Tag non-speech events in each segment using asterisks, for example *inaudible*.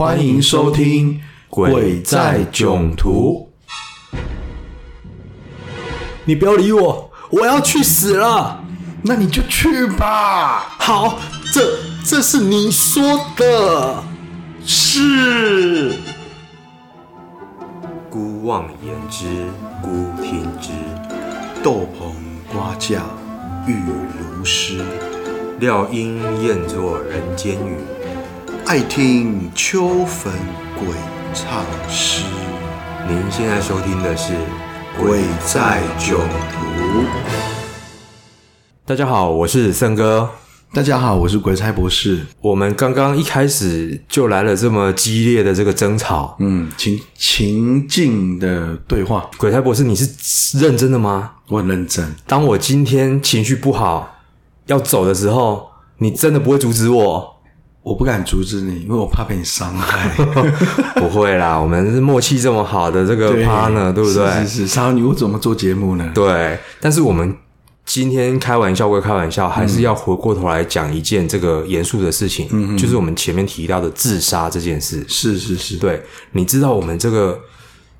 歡迎收聽《鬼在囧途》。你不要理我，我要去死了。那你就去吧。好，這這是你說的。是。姑妄言之，姑聽之。豆棚瓜架，雨如絲。料應厭作人間語。愛聽秋墳鬼唱詩。您現在收聽的是《鬼在囧途》。大家好，我是森哥。大家好，我是鬼差博士。我們剛剛一開始就來了這麼激烈的這個爭吵，嗯，情情境的對話。鬼差博士，你是認真的嗎？我很認真。當我今天情緒不好要走的時候，你真的不會阻止我？我不敢阻止你，因為我怕被你傷害。 *laughs* *laughs* 不會啦，我們是默契這麼好的這個 partner，對，對不對？是，是是，少了你我怎麼做節目呢？對，但是我們今天開玩笑歸開玩笑，嗯、還是要回過頭來講一件這個嚴肅的事情，嗯嗯，就是我們前面提到的自殺這件事。是是是，對，你知道我們這個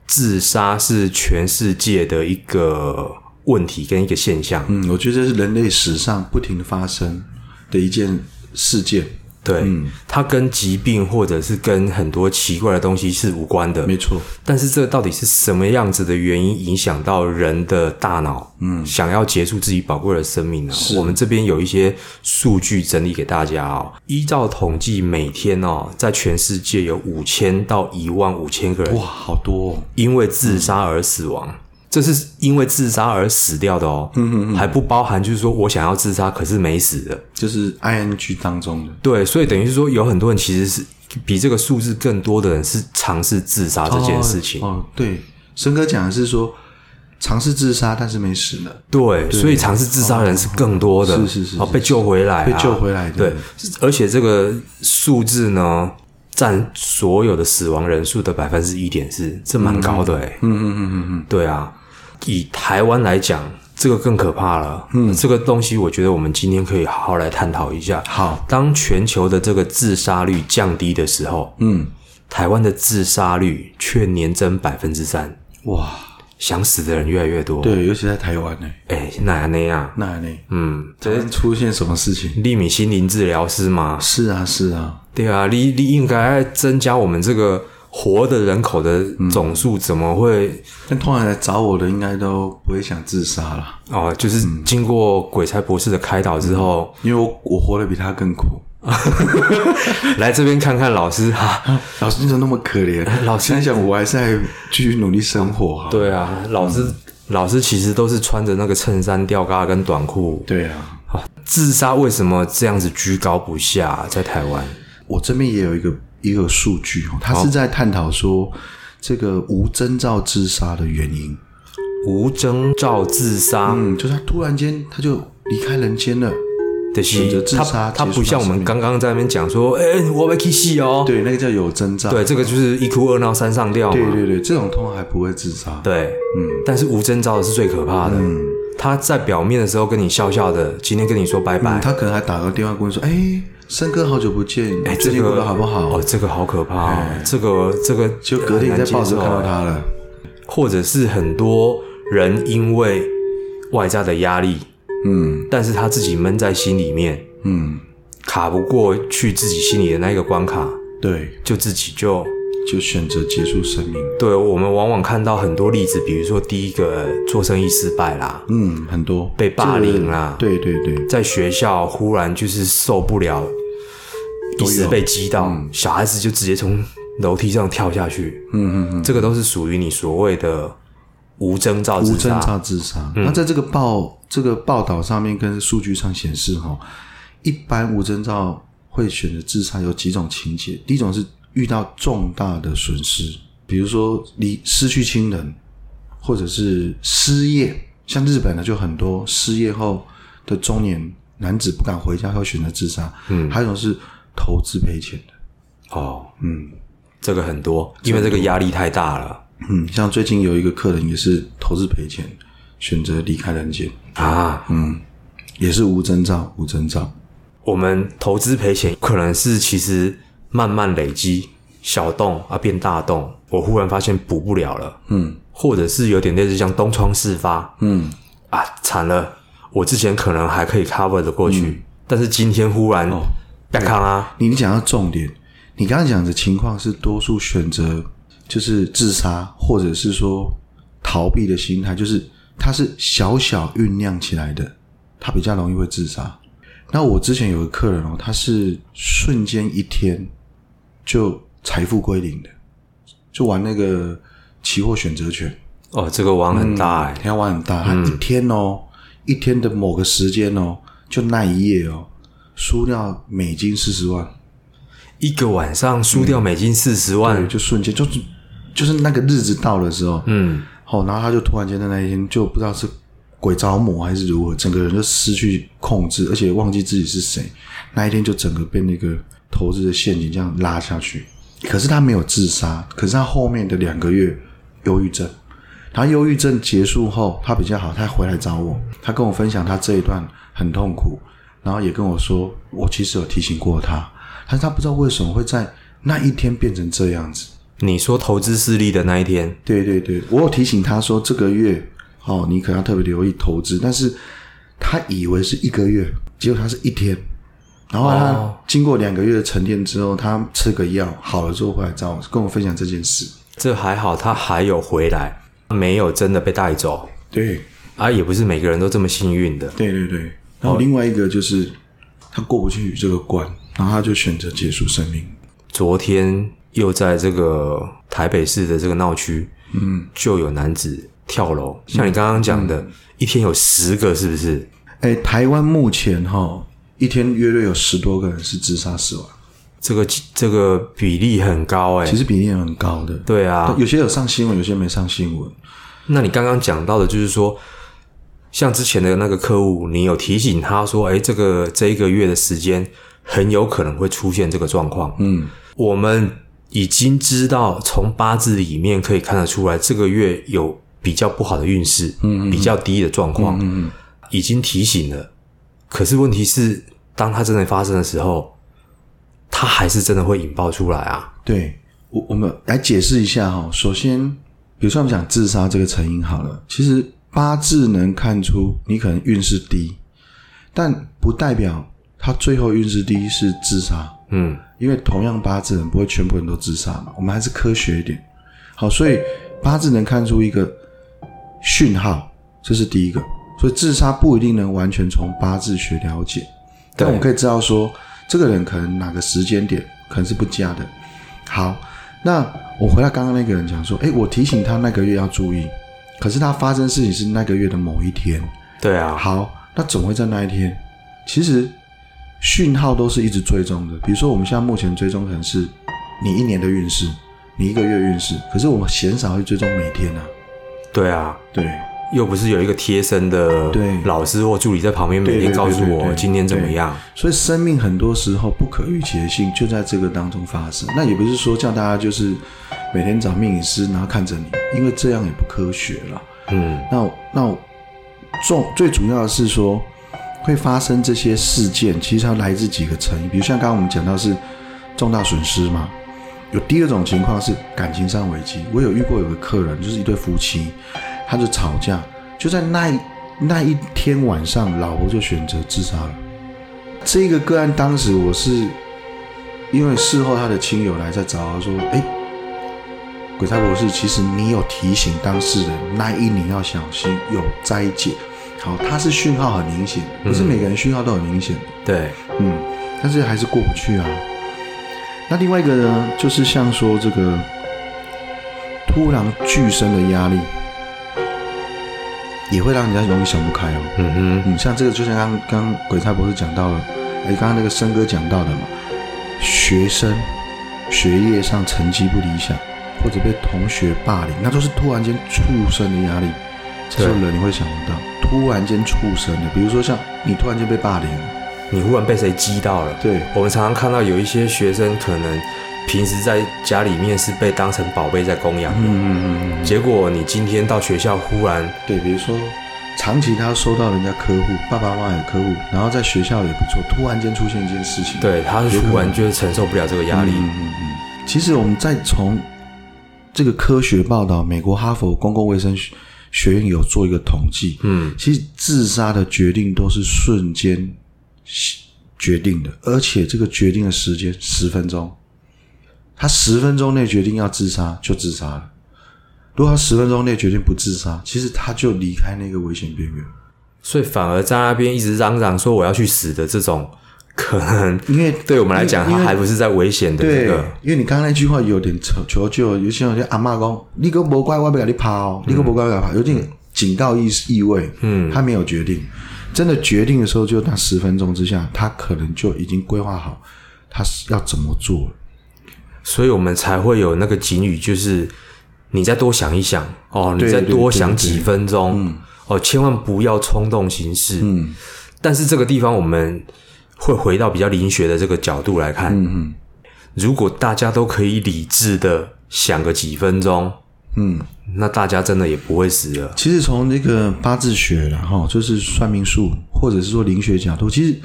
自殺是全世界的一個問題跟一個現象。嗯，我覺得這是人類史上不停的發生的一件事件。對，嗯、它跟疾病或者是跟很多奇怪的東西是無關的，沒錯錯。但是，這到底是什麼樣子的原因影響到人的大腦？嗯，想要結束自己寶貴的生命呢？嗯、我們這邊有一些數據整理給大家哦。是依照統計，每天哦，在全世界有五千到一萬五千個人。哇，好多哦，因為自殺而死亡。嗯這是因為自殺而死掉的哦，嗯嗯嗯，還不包含就是說我想要自殺可是沒死的，就是 ing 當中的，對，所以等於是說有很多人其實是比這個數字更多的人是嘗試自殺這件事情哦，哦，哦，對，森哥講的是說嘗試自殺，但是沒死的，對，對，所以嘗試自殺的人是更多的，哦、是是是，是，是哦，被救回來了，被救回來的，對，而且這個數字呢，占所有的死亡人數的百分之一點四，這蠻高的耶嗯嗯，嗯嗯嗯嗯嗯，對啊。以台灣來講，這個更可怕了。嗯，這個東西我覺得我們今天可以好好來探討一下。好，當全球的這個自殺率降低的時候，嗯，台灣的自殺率卻年增百分之三。哇，想死的人越來越多。對，尤其在台灣呢、欸。誒，哪那樣？哪樣？嗯，怎麼出現什麼事情？利米心靈治療師嗎？是啊，是啊。對啊，你你應該增加我們這個。活的人口的總數怎麼會？嗯、但突然來找我的，應該都不會想自殺啦。哦，就是經過鬼差博士的開導之後，嗯、因為我我活得比他更苦。 *laughs* *laughs* 來這邊看看老師哈，啊、老師你怎麼那麼可憐？老師在想，師我還是在繼續努力生活哈、啊。對啊，老師、嗯、老師其實都是穿着那個襯衫吊嘎跟短褲。對啊，好，自殺為什麼這樣子居高不下、啊？在台灣，我這邊也有一個。一個數據哦，他是在探討說，這個無徵兆自殺的原因。無徵兆自殺，嗯，就是他突然間他就離開人間了的死，自殺。他，他不像我們剛剛在那邊講說，哎、欸，我要去死哦。對，那個叫有徵兆。對，這個就是一哭二鬧三上吊嘛。對對對，這種通常還不會自殺。對，嗯，但是無徵兆的是最可怕的。嗯，嗯，他在表面的時候跟你笑笑的，今天跟你說拜拜，嗯、他可能還打個電話過來說，哎、欸。森哥，好久不見，最近過得好不好？哦，這個好可怕，這個這個就隔天在報紙看到他了，或者是很多人因為外在的壓力，嗯，但是他自己悶在心裡面，嗯，卡不過去自己心裡的那個關卡，對，就自己就就選擇結束生命。對，我們往往看到很多例子，比如說第一個做生意失敗啦，嗯，很多被霸凌啦，對對對，在學校忽然就是受不了。一次被擊倒，小孩子就直接從樓梯上跳下去。嗯嗯嗯，這個都是屬於你所謂的無徵兆自殺。無徵兆自殺。那、嗯、在這個報這個報道上面跟數據上顯示、哦，哈，一般無徵兆會選擇自殺有幾種情節。第一種是遇到重大的損失，比如說離失去親人，或者是失業。像日本呢，就很多失業後的中年男子不敢回家，會選擇自殺。嗯，還有一種是。投資賠錢的，哦，嗯，這個很多，因為這個壓力太大了，嗯，像最近有一個客人也是投資賠錢，選擇離開人間啊，嗯，也是無徵兆，無徵兆。我們投資賠錢，可能是其實慢慢累積小洞啊變大洞，我忽然發現補不了了，嗯，或者是有點類似像東窗事發，嗯，啊，慘了，我之前可能還可以 cover 的過去，嗯，但是今天忽然。哦對康啊！你你講到重點，你剛剛講的情況是多數選擇就是自殺或者是說逃避的心態，就是他是小小醞釀起來的，他比較容易會自殺。那我之前有個客人哦，他是瞬間一天就財富歸零的，就玩那個期貨選擇權哦，這個玩很大哎，欸，花，嗯、玩很大，嗯、他一天哦，一天的某個時間哦，就那一夜哦。輸掉美金四十萬，一個晚上輸掉美金四十萬、嗯，就瞬間就是就是那個日子到的時候，嗯、哦，然後他就突然間在那一天就不知道是鬼著魔還是如何，整個人就失去控制，而且忘記自己是誰。那一天就整個被那個投資的陷阱這樣拉下去。可是他沒有自殺，可是他後面的兩個月憂鬱症。他憂鬱症結束後，他比較好，他回來找我，他跟我分享他這一段很痛苦。然後也跟我說，我其實有提醒過他，但是他不知道為什麼會在那一天變成這樣子。你說投資失利的那一天？對對對，我有提醒他說，這個月哦，你可能要特別留意投資。但是，他以為是一個月，結果他是一天。然後他經過兩個月的沉澱之後，他吃個藥好了之後，回來找我，跟我分享這件事。這還好，他還有回來，沒有真的被帶走。對啊，也不是每個人都這麼幸運的。對對對。然後另外一個就是他過不去這個關，哦、然後他就選擇結束生命。昨天又在這個台北市的這個鬧區，嗯，就有男子跳樓，像你剛剛講的，嗯、一天有十個是不是？哎，台灣目前哈、哦、一天約略有十多個人是自殺死亡，這個這個比例很高哎、欸，其實比例也很高的。對啊，有些有上新聞，有些沒上新聞。那你剛剛講到的，就是說。像之前的那個客戶，你有提醒他說：“哎，這個這一個月的時間很有可能會出現這個狀況。”嗯，我們已經知道從八字裡面可以看得出來，這個月有比較不好的運勢，嗯,嗯，比較低的狀況，嗯,嗯,嗯已經提醒了。可是問題是，當它真的發生的時候，它還是真的會引爆出來啊？對，我我們來解釋一下齁、哦。首先，比如說我們講自殺這個成因好了，其實。八字能看出你可能運勢低，但不代表他最後運勢低是自殺。嗯，因為同樣八字人不會全部人都自殺嘛。我們還是科學一點。好，所以八字能看出一個訊號，這是第一個。所以自殺不一定能完全從八字學了解，對但我們可以知道說，這個人可能哪個時間點可能是不佳的。好，那我回到剛剛那個人講說，誒、欸，我提醒他那個月要注意。可是它發生事情是那個月的某一天，對啊。好，那總會在那一天。其實訊號都是一直追蹤的，比如說我們現在目前追蹤可能是你一年的運勢，你一個月運勢，可是我們鮮少會追蹤每天呢，啊。對啊，對。又不是有一個貼身的老師或助理在旁邊，每天告訴我今天怎麼樣。所以生命很多時候不可預期的性就在這個當中發生。那也不是說叫大家就是每天找命理師，然後看着你，因為這樣也不科學了。嗯，那，那那重最主要的是說會發生這些事件，其實它來自幾個成因。比如像剛剛我們講到是重大損失嘛，有第二種情況是感情上危機。我有遇過有個客人，就是一對夫妻。他就吵架，就在那一那一天晚上，老婆就選擇自殺了。這個個案當時我是，因為事後他的親友來在找他說：“哎，鬼差博士，其實你有提醒當事人，那一年要小心有災劫。”好，他是訊號很明顯，不、嗯、是每個人訊號都很明顯，對，嗯，但是還是過不去啊。那另外一個呢，就是像說這個突然巨升的壓力。也會讓人家容易想不開哦。嗯哼嗯，你像這個，就像剛剛，剛鬼差博士講到的，誒，剛剛那個森哥講到的嘛，學生學業上成績不理想，或者被同學霸凌，那都是突然間出生的壓力。所以人你會想不到，對突然間出生的，比如說像你突然間被霸凌，你忽然被誰激到了。對，我們常常看到有一些學生可能。平時在家裡面是被當成寶貝在供養的。嗯嗯嗯嗯，結果你今天到學校忽然，對，比如說長期他收到人家客戶，爸爸媽媽的客戶，然後在學校也不錯，突然間出現一件事情，對，他突然就承受不了這個壓力。嗯，嗯嗯嗯。其實我們在從這個科學報道，美國哈佛公共衛生學院有做一個統計，嗯，其實自殺的決定都是瞬間決定的，而且這個決定的時間十分鐘。他十分鐘內決定要自殺，就自殺了。如果他十分鐘內決定不自殺，其實他就離開那個危險邊緣。所以反而在那邊一直嚷嚷說我要去死的這種可能，因為對我們來講，他還不是在危險的這個、嗯因因因對。因為你剛剛那句話有點求求救，有些人有些人有些阿媽說你個魔怪，、喔、怪我，不讓你怕哦，你個魔怪我怕。有點警告意意味。嗯，他沒有決定，真的決定的時候，就那十分鐘之下，他可能就已經規劃好他是要怎麼做了。所以我們才會有那個警語，就是你再多想一想哦，你再多想幾分鐘對對對對、嗯、哦，千萬不要衝動行事。嗯，但是這個地方我們會回到比較靈學的這個角度來看，嗯嗯，嗯如果大家都可以理智的想個幾分鐘，嗯，嗯那大家真的也不會死了。其實從那個八字學啦、哦，就是算命術或者是說靈學角度，其實。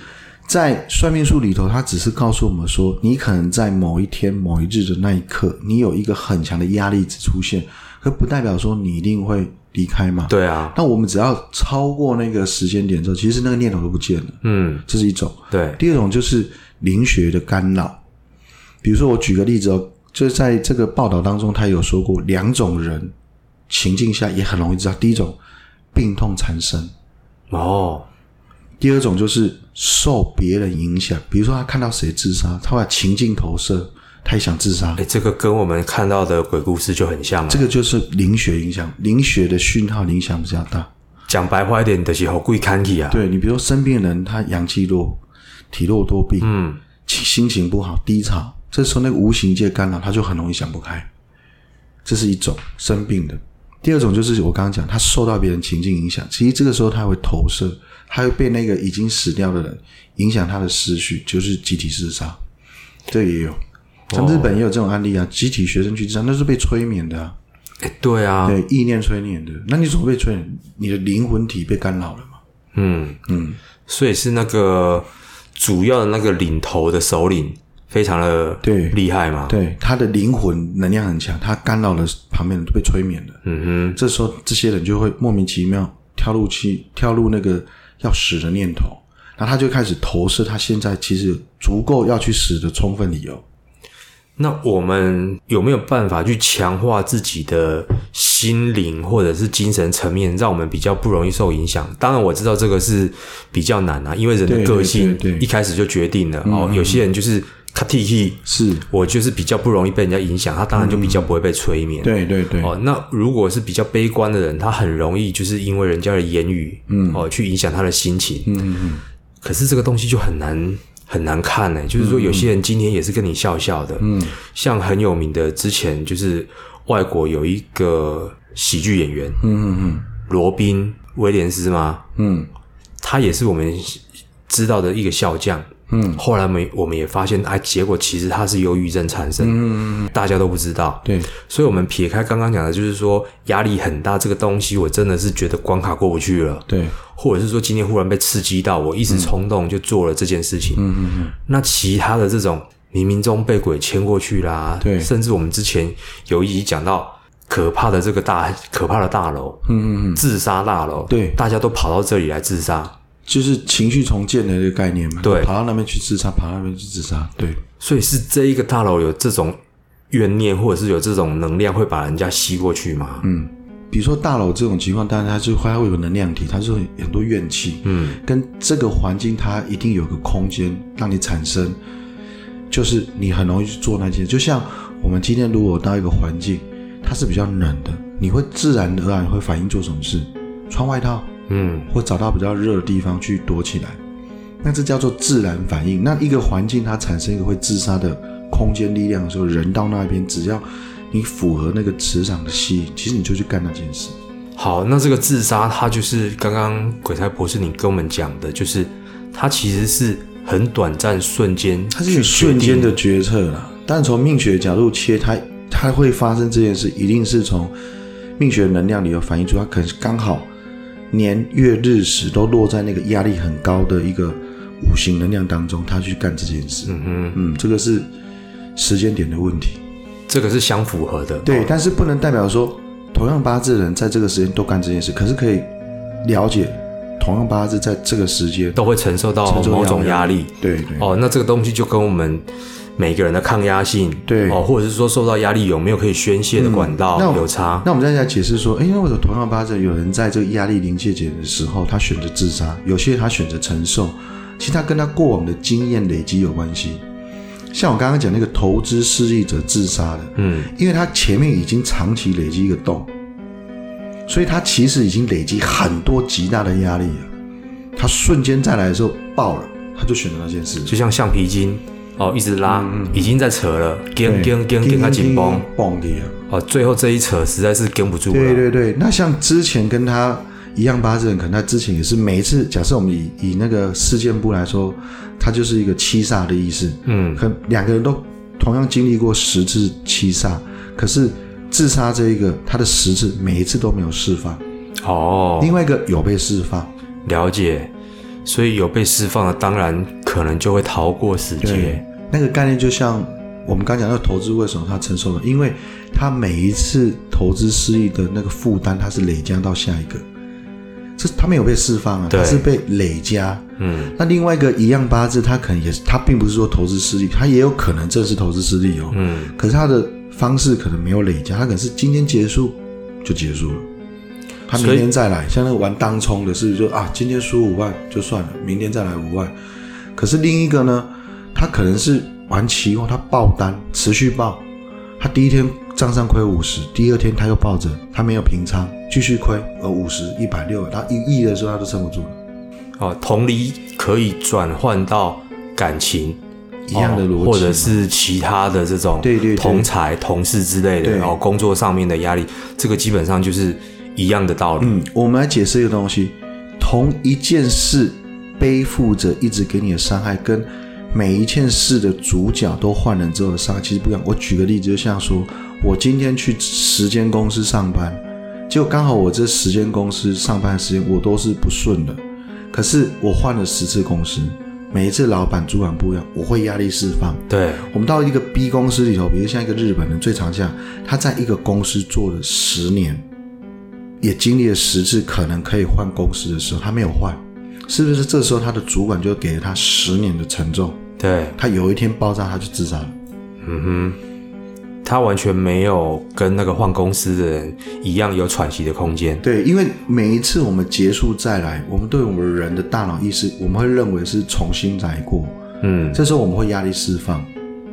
在算命術裡頭，他只是告訴我們說，你可能在某一天、某一日的那一刻，你有一個很強的壓力值出現，可不代表說你一定會離開嘛。對啊。那我們只要超過那個時間點之後，其實那個念頭都不見了。嗯，這是一種。對。第二種就是靈學的干擾，比如說我舉個例子哦，就是在這個報道當中，他有說過兩種人情境下也很容易知道。第一種，病痛纏身。哦。第二種就是受別人影響，比如說他看到誰自殺，他會情境投射，他也想自殺誒。這個跟我們看到的鬼故事就很像了，啊。這個就是靈學影響，靈學的訊號影響比較大。講白話一點的時候好貴看起啊。對你，比如說生病的人，他陽氣弱，體弱多病，嗯，心情不好，低潮，這時候那個無形界干擾，他就很容易想不開。這是一種生病的。第二種就是我剛剛講，他受到別人情境影響，其實這個時候他會投射，他會被那個已經死掉的人影響他的思緒，就是集體自殺，這也有，像日本也有這種案例啊，哇 集體學生去自殺，那是被催眠的啊，欸、對啊，對意念催眠的，那你怎麼被催眠？你的靈魂體被干擾了嘛？嗯嗯，嗯所以是那個主要的那個領頭的首領。非常的對，厲害嘛，對？對，他的靈魂能量很強，他干擾了旁邊人都被催眠了。嗯哼，這時候，這些人就會莫名其妙跳入去，跳入那個要死的念頭，然後他就開始投射他現在其實足夠要去死的充分理由。那我們有沒有辦法去強化自己的心靈或者是精神層面，讓我們比較不容易受影響？當然我知道這個是比較難啊，因為人的個性一開始就決定了，對對對對、嗯、哦，有些人就是。他剃剃，是我就是比較不容易被人家影響，他當然就比較不會被催眠。嗯、對對對，哦，那如果是比較悲觀的人，他很容易就是因為人家的言語，嗯，哦，去影響他的心情。嗯嗯嗯。嗯嗯，可是這個東西就很難很難看呢、欸，就是說有些人今天也是跟你笑笑的，嗯，嗯，像很有名的之前就是外國有一個喜劇演員，嗯嗯嗯，羅、嗯、賓、嗯、威廉斯嗎？嗯，他也是我們知道的一個笑匠。嗯，後來我們也發現，哎、啊，結果其實它是憂鬱症產生的，的、嗯、大家都不知道，對，所以我們撇開剛剛講的，就是說壓力很大，這個東西我真的是覺得關卡過不去了，對，或者是說今天忽然被刺激到，我一時衝動就做了這件事情，嗯，那其他的這種冥冥中被鬼牽過去啦，對，甚至我們之前有一集講到可怕的這個大可怕的大樓，嗯，嗯，嗯，自殺大樓，對，大家都跑到這裡來自殺。就是情緒重建的一個概念嘛，對，跑到那邊去自殺，跑到那邊去自殺，對，對，所以是這一個大樓有這種怨念，或者是有這種能量會把人家吸過去嗎？嗯，比如說大樓這種情況，當然它就會，它會有能量體，它是很多怨氣，嗯，跟這個環境，它一定有一個空間讓你產生，就是你很容易去做那些，就像我們今天如果到一個環境，它是比較冷的，你會自然而然會反應做什麼事，穿外套。嗯，或找到比較熱的地方去躲起來，那這叫做自然反應。那一個環境它產生一個會自殺的空間力量的時候，人到那邊，只要你符合那個磁場的吸引，其實你就去幹那件事。好，那這個自殺，它就是剛剛鬼差博士你跟我們講的，就是它其實是很短暫瞬間，它是有瞬間的決策啦。但從命學角度切，它它會發生這件事，一定是從命學能量裡有反映出，它可能是剛好。年月日時都落在那個壓力很高的一個五行能量當中，他去幹這件事。嗯嗯哼嗯，這個是時間點的問題，這個是相符合的。對，哦。但是不能代表說同樣八字的人在這個時間都幹這件事，可是可以了解同樣八字在這個時間都會承受到某種壓力，承受壓力。對對。哦，那這個東西就跟我們。每個人的抗壓性，對哦，或者是說受到壓力有沒有可以宣洩的管道、嗯、有差。那我們再來解釋說，哎、欸，為什麼同樣發生有人在這個壓力臨界點的時候，他選擇自殺，有些他選擇承受，其實他跟他過往的經驗累積有關係。像我剛剛講那個投資失意者自殺的，嗯，因為他前面已經長期累積一個洞，所以他其實已經累積很多極大的壓力了。他瞬間再來的時候爆了，他就選擇那件事，就像橡皮筋。哦，一直拉，嗯，嗯，已經在扯了，跟跟跟跟他緊繃繃的。哦，最後這一扯，實在是跟不住了。對對對，那像之前跟他一樣八字人，可能他之前也是每一次，假設我們以以那個事件部來說，他就是一個七殺的意思。嗯，可兩個人都同樣經歷過十次七殺，可是自殺這一個，他的十次每一次都沒有釋放。哦，另外一個有被釋放，了解，所以有被釋放的，當然。可能就會逃過時間。對，那個概念就像我們剛講到投資，為什麼他承受了？因為他每一次投資失利的那個負擔，他是累加到下一個，這他沒有被釋放啊，對他是被累加。嗯。那另外一個一樣八字，他可能也是，他並不是說投資失利，他也有可能正是投資失利哦、喔。嗯。可是他的方式可能沒有累加，他可能是今天結束就結束了，他明天再來。以像那個玩當沖的是不是就啊，今天輸五萬就算了，明天再來五萬。可是另一個呢，他可能是玩期貨，他爆單持續爆，他第一天賬上虧五十，第二天他又抱着他沒有平倉，繼續虧，而五十一百六，他一億的時候他都撐不住了。哦，同理可以轉換到感情一樣的邏輯，哦、或者是其他的這種才對對同財同事之類的，對然後工作上面的壓力，這個基本上就是一樣的道理。嗯，我們來解釋一個東西，同一件事。背負着一直給你的傷害，跟每一件事的主角都換了之後的傷害其實不一樣。我舉個例子，就像說我今天去十間公司上班，結果剛好我這十間公司上班的時間我都是不順的，可是我換了十次公司，每一次老板主管不一樣，我會壓力釋放。對，我們到一個 B 公司裡頭，比如像一個日本人，最常見他在一個公司做了十年，也經歷了十次可能可以換公司的時候，他沒有換。是不是這時候他的主管就給了他十年的沉重？對，他有一天爆炸，他就自殺了。嗯哼，他完全沒有跟那個換公司的人一樣有喘息的空間。對，因為每一次我們結束再來，我們對我們人的大腦意識，我們會認為是重新來過。嗯，這時候我們會壓力釋放，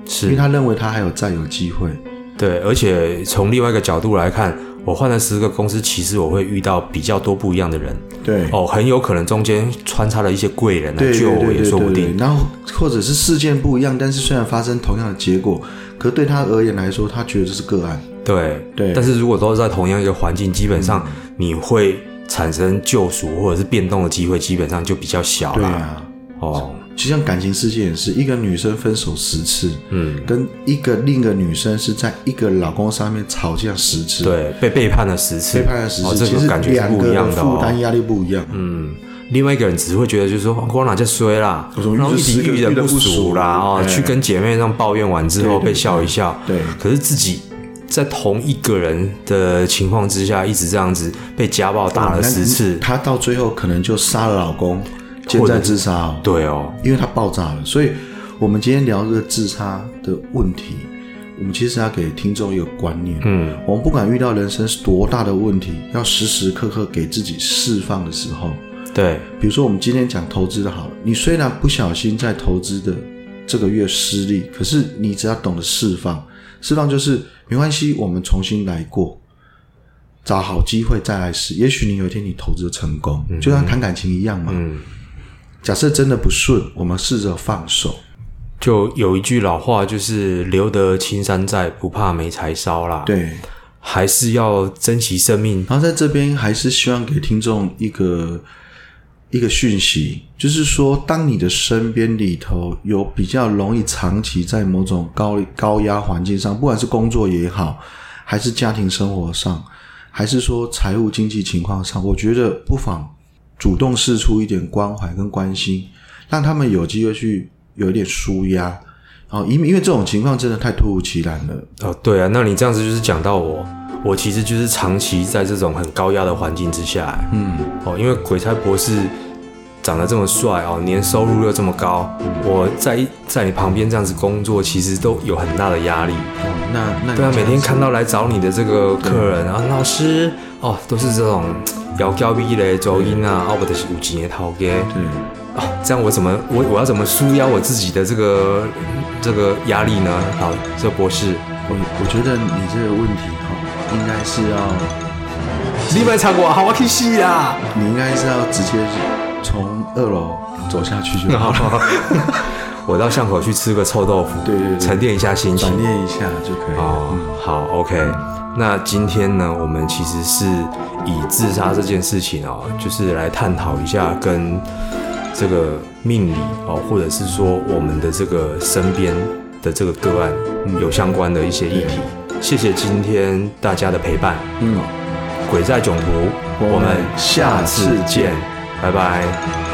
是因為他認為他還有再有機會。對，而且從另外一個角度來看。我換了十個公司，其實我會遇到比較多不一樣的人。對，哦，很有可能中間穿插了一些貴人來救我，也說不定。對對對對對，然後或者是事件不一樣，但是雖然發生同樣的結果，可是對他而言來說，他覺得這是個案。對對。對，但是如果都是在同樣一個環境，基本上你會產生救贖或者是變動的機會，基本上就比較小了。對啊，哦。就像感情世界也是一個女生分手十次，嗯，跟一個另一個女生是在一個老公上面吵架十次，對，被背叛了十次，背叛了十次，哦，這個、其實感覺是不一樣的、哦、負擔壓力不一樣，嗯，另外一個人只會覺得就是說，光、哦、哪叫衰啦，說然後一直遇人不淑啦啊，啦哦、對去跟姐妹這樣抱怨完之後被笑一笑，對，對，對，對，對，可是自己在同一個人的情況之下一直這樣子被家暴打了十次，她、啊、到最後可能就殺了老公。現在自殺、哦、對哦，因為它爆炸了，所以我們今天聊這個自殺的問題，我們其實要給聽眾一個觀念，嗯，我們不管遇到人生是多大的問題，要時時刻刻給自己釋放的時候，對，比如說我們今天講投資的好，你雖然不小心在投資的這個月失利，可是你只要懂得釋放，釋放就是沒關係，我們重新來過，找好機會再來試，也許你有一天你投資成功，嗯、就像談感情一樣嘛。嗯假設真的不順，我們試着放手。就有一句老話，就是“留得青山在，不怕沒柴燒”啦。對，還是要珍惜生命。然後在這邊，還是希望給聽眾一個一個訊息，就是說，當你的身邊裡頭有比較容易長期在某種高高壓環境上，不管是工作也好，還是家庭生活上，還是說財務經濟情況上，我覺得不妨。主動釋出一點關懷跟關心，讓他們有機會去有一點舒壓、哦因為，因為這種情況真的太突如其然了。哦，對啊，那你這樣子就是講到我，我其實就是長期在這種很高壓的環境之下。嗯，哦，因為鬼差博士長得這麼帥哦，年收入又這麼高，嗯、我在在你旁邊這樣子工作，其實都有很大的壓力。嗯、哦，那那個、對啊，每天看到來找你的這個客人、嗯、啊，老師哦，都是這種。要教 V 的走音啊，或者是有級的，好嘅。嗯啊、哦，這樣我怎麼，我我要怎麼舒壓我自己的這個這個壓力呢？好，這博士，我我覺得你這個問題哈，應該是要，嗯、是你有沒有唱過，好我聽戲啊。你應該是要直接從二樓走下去就好了、嗯、好了。好了嗯 *laughs* 我到巷口去吃個臭豆腐，對對對，沉澱一下心情。沉澱一下就可以。哦，嗯、好，OK。嗯、那今天呢，我們其實是以自殺這件事情啊、哦，就是來探討一下跟這個命理哦，或者是說我們的這個身邊的這個個案有相關的一些議題。嗯、謝謝今天大家的陪伴。嗯，鬼在囧途，嗯、我們下次見，嗯、拜拜。